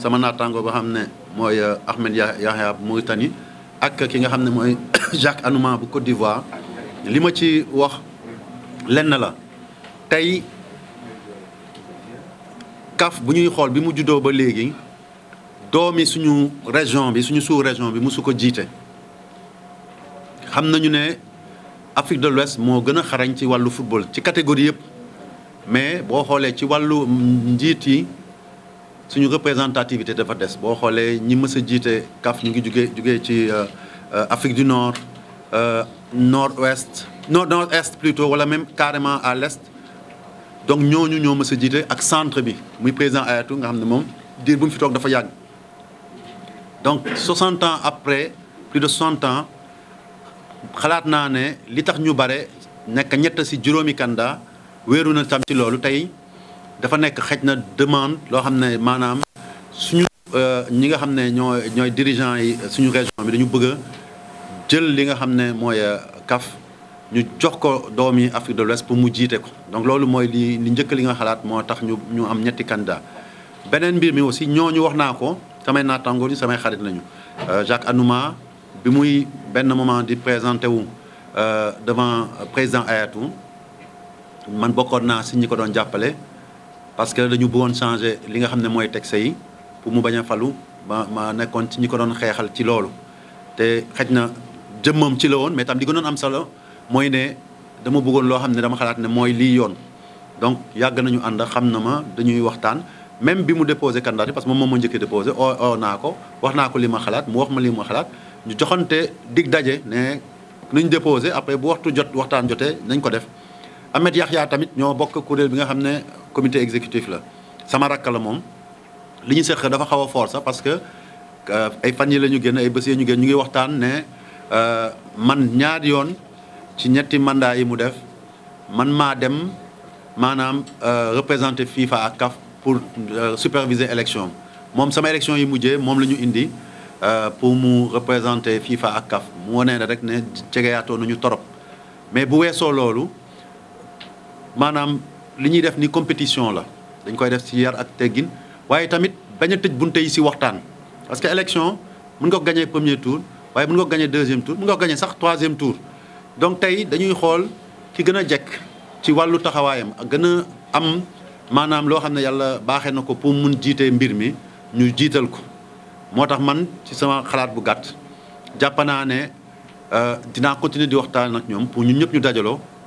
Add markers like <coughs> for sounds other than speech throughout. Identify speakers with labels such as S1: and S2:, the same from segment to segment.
S1: sama naataango ba xam ne mooy euh, Ahmed Yahya bu Mauritanie ak ki nga xam ne mooy <coughs> Jacques Anouma bu Côte d'Ivoire li ma ci wax lenn la tey CAF bu ñuy xool bi mu juddoo ba léegi doomi suñu région bi suñu sous-région bi mosu ko jiite xam nañu ne Afrique de l'Ouest moo gën a xarañ ci wàllu football ci catégorie yëpp mais boo xoolee ci wàllu njiit yi suñu représentativité dafa dess nous xolé ñi mësa jité euh, euh, Afrique du Nord euh, nord ouest nord nord est plutôt wala même carrément à l'est donc ñoñu ñoo mësa jité ak centre bi muy président Ayatou nga xamné mom dir fi dafa donc 60 ans après plus de 60 ans xalaat naa ne li tax ñu bare nekk ñett ci kanda wéeru na tam ci loolu tey dafa nekk xëj na demande lo xam manam suñu euh, ñi nga xam ñoy ñoo dirigeant yi euh, suñu région bi dañu bëgg jël li nga xam ne mooy euh, CAF ñu jox ko doomi Afrique de l'Ouest pour mu jité ko donc lolu moy li li ñëk li nga xalaat moo tax ñu ñu am ñetti candidat benen mbir mi aussi ñooñu wax naa ko samay natango ñu samay xarit nañu Jacques Anouma bi muy benn moment di présenter wu devant président Ayatou man bokkoon na si ñi ko doon jappalé parce que dañu bëggoon changer li nga xam ne mooy texte yi pour mu bañ a falu ma ma nekkoon ci ñu ko doon xeexal ci loolu te xëj na jëmmam ci la woon mais tam li gënoon am solo mooy ne dama bëggoon loo xam ne dama xalaat ne mooy lii yoon donc yàgg nañu ànd xam na ma dañuy waxtaan même bi mu déposé candidat parce que moom moom moo njëkkee déposé oo oo naa ko wax naa ko li ma xalaat mu wax ma li ma xalaat ñu joxante dig daje ne nañ déposé après bu waxtu jot waxtaan jotee nañ ko def Ahmed Yaxya tamit ñoo bokk kuréel bi nga xam ne comité exécutif la sama rakk la moom li ñu seq dafa xaw a fort sax parce que euh, ay fan yi la ñu génn ay bés yi ñu génn ñu ngi waxtaan ne euh, man ñaari yoon ci ñetti mandaa yi mu def man maa dem maanaam euh, représenter FIFA ak CAF pour superviser élection moom sama élection yi mujjee moom la ñu indi pour mu représenter FIFA ak CAF mu wane rek ne jegeyaatoo nañu torop mais bu weesoo loolu. manam li def ni compétition la dañ koy def ci yar ak teggin waye tamit baña a bunte yi ci waxtaan parce que élection mën nga ko gagné premier tour waye mën nga ko gagné deuxième tour mën nga ko sax troisième tour donc tay dañuy xol ki gëna jek ci walu taxawayam gëna am manam lo xamne yalla baxé nako pour mën jité mbir mi ñu jital ko motax man ci sama xalaat bu gatt jappana né euh dina continuer di waxtaan ak ñom pour ñun ñëpp ñu dajalo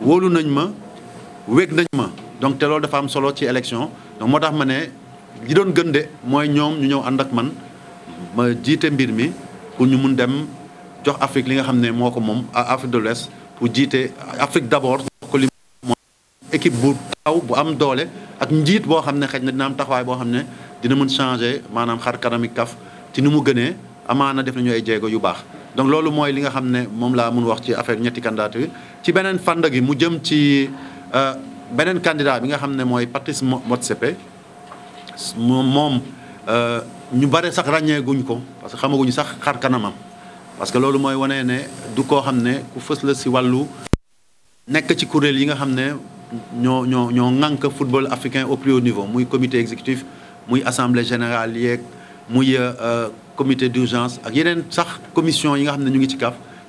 S1: wóolu nañ ma wég nañ ma donc te loolu dafa am solo ci élection donc moo tax ma ne li doon gën de mooy ñoom ñu ñëw ànd ak man ma jiite mbir mi pour ñu mun dem jox Afrique li nga xam ne moo ko moom Afrique de l'Ouest pour jiite Afrique d'abord ko li moom équipe bu taw bu am doole ak njiit boo xam ne xëy na dina am taxawaay boo xam ne dina mën changer maanaam xar kanami kaf ci nu mu gënee amaana def nañu ay jéego yu baax donc loolu mooy li nga xam ne moom laa mun wax ci affaire ñetti candidature ci benen fànn gi mu jëm ci euh, benen candidat bi nga xam ne mooy Patrice Motsepe euh ñu bare sax guñ ko parce que xamaguñ sax xar kanamam parce que lolu moy wane ne du ko xamné ku fës la si wàllu nekk ci kuréel yi nga xamné ne ñoo ñoo ñoo football africain au plus haut niveau muy comité exécutif muy assemblée générale yek muy euh, euh, comité d'urgence ak yenen sax commission yi nga xamné ñu ngi ci CAF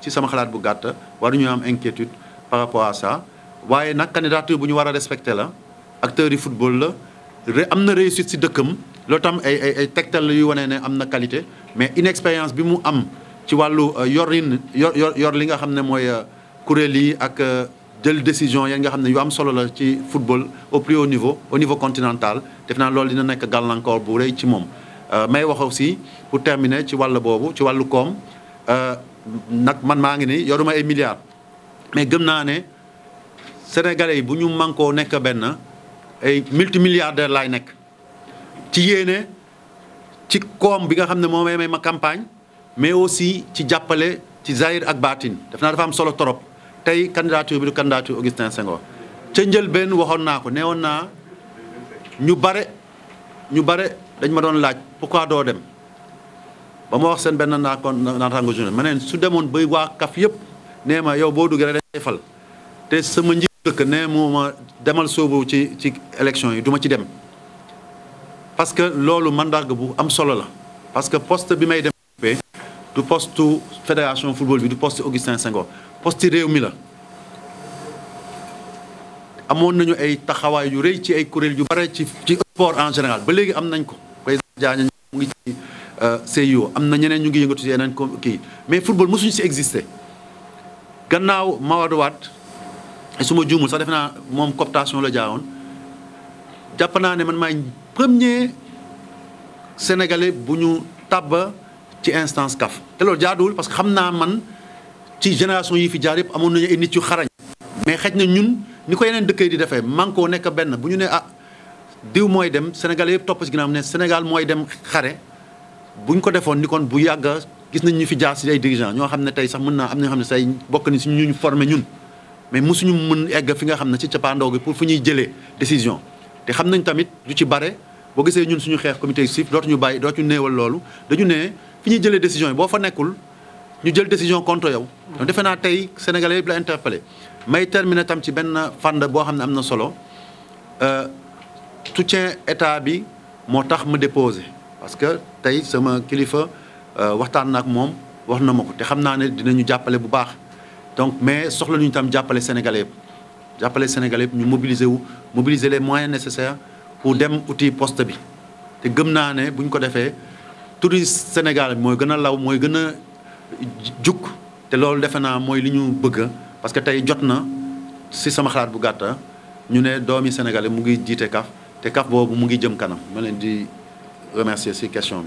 S1: ci sama xalaat bu gàtt waruñu am inquiétude par rapport à ça waaye nag candidature bu ñu a acteur football la na réussite si dëkkam loolu tam ay ay qualité mais inexpérience bi mu am ci wàllu euh, yorin li nga xam football au plus haut niveau au niveau continental def naa loolu dina nekk bu ci euh, aussi pour terminer ci wàll ci euh, nag man maa ngi ni yoruma ay milliards mais gëm naa ne sénégalais yi bu ñu mànkoo nekk benn ay multimilliardaire laay nekk ci yéene ci koom bi nga xam ne moo ma campagne mais aussi ci jàppale ci zahir ak baatin def naa dafa solo trop tey candidature bi du candidature Augustin Senghor ca njëlbeen waxoon naa ko nee woon naa ñu bare ñu bare dañ ma doon laaj pourquoi doo dem ba ma wax seen benn naakoon naataango journée ma ne su demoon bay waa kaf yëpp nee ma yow boo duggee rek day fal te sama njiit dëkk nee moo ma demal sóobu ci ci élection yi duma ci dem parce que loolu mandarga bu am solo la parce que poste bi may dem du postu fédération football bi du poste Augustin Senghor poste réew mi la amoon nañu ay taxawaay yu rëy ci ay kuréel yu bare ci ci sport en général ba léegi am nañ ko koy mu ngi ci Euh, CIO am na ñeneen ñu ngi yëngatu si yeneen kii mais football mosuñu si exister gannaaw Mawadou Wade su ma juumul sax defe naa moom cooptation la jaawoon jàpp naa ne man maay premier sénégalais bu ñu tàbba ci instance CAF te loolu jaaduwul parce que xam naa man ci génération yi fi jaar yëpp amoon nañu ay nit yu xarañ. mais xëj na ñun ni ko yeneen dëkkee yi di defee mànkoo nekk benn bu ñu nee ah diw mooy dem sénégalais yëpp topp si ginnaaw ne Sénégal mooy dem xare. buñ ko defoon ni kon bu yàgg gis nañ ñu fi jaar si ay dirigeants ñoo xamne tay sax mën avons am ñoo xamne say bokk ni si ñu formé ñun mais mosuñu mën egg fi nga xamne ci pour ñuy décision Nous xam nañ tamit lu ci faire fait gisee ñun suñu xex comité dañu décision bo fa nekkul ñu jël décision contre yow. donc sénégalais terminer tam ci euh, état bi motax parce que tay sama kilifa euh, waxtan na mom moom te dinañu bu baax donc mais soxla ñu tam jappalé sénégalais jappalé sénégalais ñu mobiliser les moyens nécessaires pour dem outil poste bi te gëm naa ne ko touriste Sénégal moy gëna law moy nous juk parce que tay jotna na si sama xalaat bu gatta ñu ne doomi sénégalais mu ngi jité kaf te kaf mu ngi jëm kanam remercier ces questions.